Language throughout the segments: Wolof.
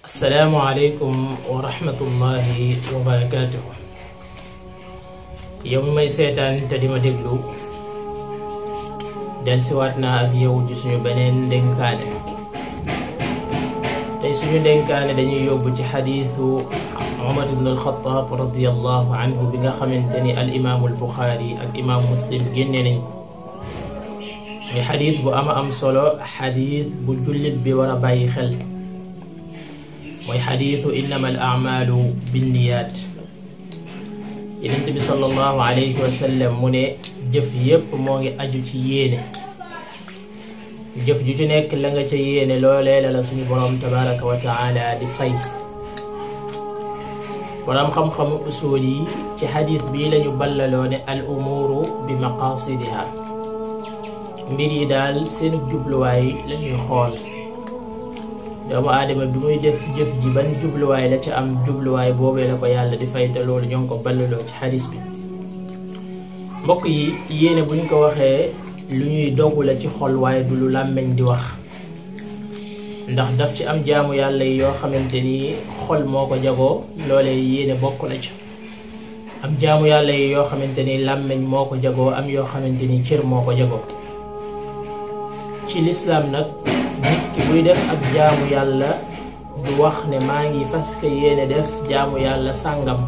asalaamualeykum wa rahmatullahi wa barakaatuhu yow mi may seetaan te di ma déglu delsiwaat naa ak yow ci suñu beneen ndénkaane tey suñu ndénkaane dañuy yóbbu ci xadiisu Omar ibn al-Xattaab radiyallahu anhu bi nga xamante ni al imaamul Buxaari ak imaam Muslim génne nañ ko muy xadiis bu ama am solo xadiis bu jullit bi war a bàyyi xel mooy xadiisu innama al amalu binniyaat yenent bi sallallahu alayhi wa mu ne jëf yépp moo ngi aju ci yéene jëf ju ci nekk la ci ca yéene loolee la la suñu borom wa taala di fay borom xam-xamu usul yi ci xadiis bii lañu ballaloo ne al umuru bi maqasidiha mbir daal seen jubluwaay lañuy xool doomu aadama bi muy def jëf ji ban jubluwaay la ca am jubluwaay boobee la ko yàlla di fay te loolu ñoo ko ballaloo ci xadis bi mbokk yi yéene bu ñu ko waxee lu ñuy dogu la ci xol waaye du lu làmmeñ di wax ndax daf ci am jaamu yàlla yi yoo xamante ni xol moo ko jagoo loolee yéene bokk na ci am jaamu yàlla yi yoo xamante ni làmmeñ moo ko jagoo am yoo xamante ni cër moo ko jagoo ci lislaam nag nit ki buy def ak jaamu yàlla du wax ne maa ngi fas ka yéene def jaamu yàlla sàngam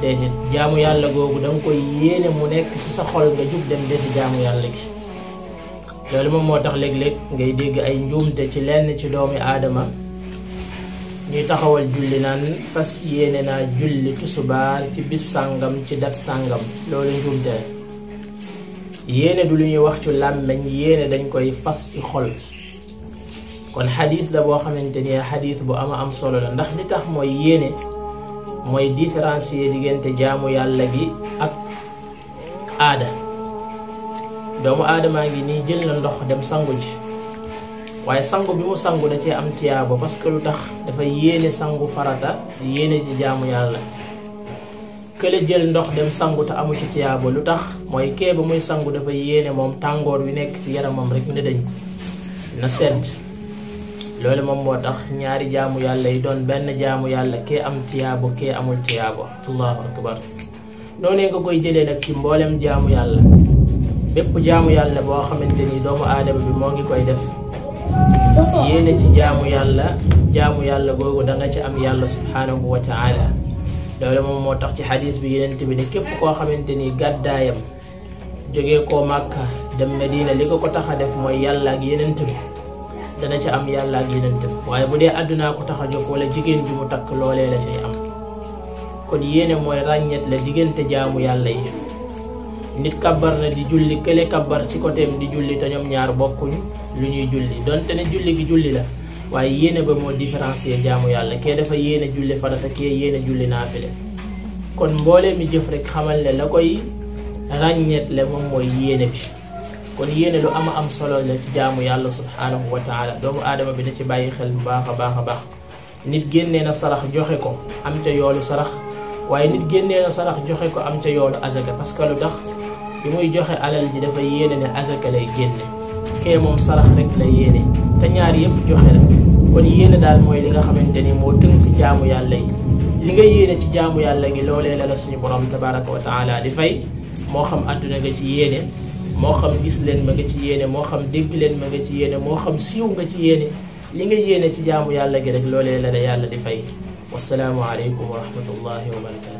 déedéet jaamu yàlla googu da koy yéene mu nekk ci sa xol nga jug dem defi jaamu yàlla gi loolu moom moo tax léeg-léeg ngay dégg ay njuumte ci lenn ci doomi aadama ñuy taxawal julli naan fas yéene naa julli tusubaar ci bis sàngam ci dat sàngam loolu njuumte yéene du lu ñuy wax ci làmmeñ yéene dañ koy fas ci xol kon xadis la boo xamante ni xadis bu am am solo la ndax li tax mooy yéene mooy différencier diggante jaamu yàlla gi ak aada doomu aadamaa ngi nii jël na ndox dem sangu ji waaye sangu bi mu sangu da cee am tiyaabo parce que lu tax dafa yéene sangu farata yéene ji jaamu yàlla kële jël ndox dem sangu te amu ci tiyaabo lu tax mooy kee ba muy sangu dafa yéene moom tàngoor wi nekk ci yaramam rek na dañ na sedd loolu moom moo tax ñaari jaamu yàlla yi doon benn jaamu yàlla kee am tiyaabo kee amul tiyaabo allahu akbar noonee nga koy jëlee nag ci mboolem jaamu yàlla bépp jaamu yàlla boo xamante ni doomu aadama bi moo ngi koy def yéene ci jaamu yàlla jaamu yàlla googu da ci am yàlla subhaanahu wa taala loolu moom moo tax ci xadis bi yenent bi ne képp koo xamante ni gàddaayam jóge koo màkka dem medina li ko ko tax a def mooy yàlla ak yenent bi dana ca am yàlla ak yonentam waaye bu dee àddunaa ko tax a jóg wala jigéen ju mu takk loolee la cay am kon yéene mooy ràññet la diggante jaamu yàlla yi nit kabbar na di julli kële kabbar ci côtéem di julli te ñoom ñaar bokkuñ lu ñuy julli donte ne julli gi julli la waaye yéene ba moo différencier jaamu yàlla kee dafa yéene julli farata kee yéene julli naafile kon mboolee mi jëf rek xamal ne la koy ràññet le moom mooy yéene bi kon yéene lu ama am solo la ci jaamu yàlla subhaanahu wa taala doomu aadama bi na ci bàyyi xel bu baax a baax a baax nit génnee na sarax joxe ko am ca yoolu sarax waaye nit génnee na sarax joxe ko am ca yoolu azaka parce que lu tax bi muy joxe alal ji dafa yéene ne azaka lay génne kee moom sarax rek la yéene te ñaar yëpp joxe la kon yéene daal mooy li nga xamante ni moo tënk jaamu yàlla yi li nga yéene ci jaamu yàlla gi loolee la la suñu borom tabaraka wa taala di fay moo xam àdduna nga ci yéene moo xam gis leen ma nga ci yéene moo xam dégg leen ma nga ci yéene moo xam siiw nga ci yéene li nga yéene ci jaamu yàlla gi rek loolee la la yàlla di fay wasalaamu aleykum wa rahmatullahi wa barakatu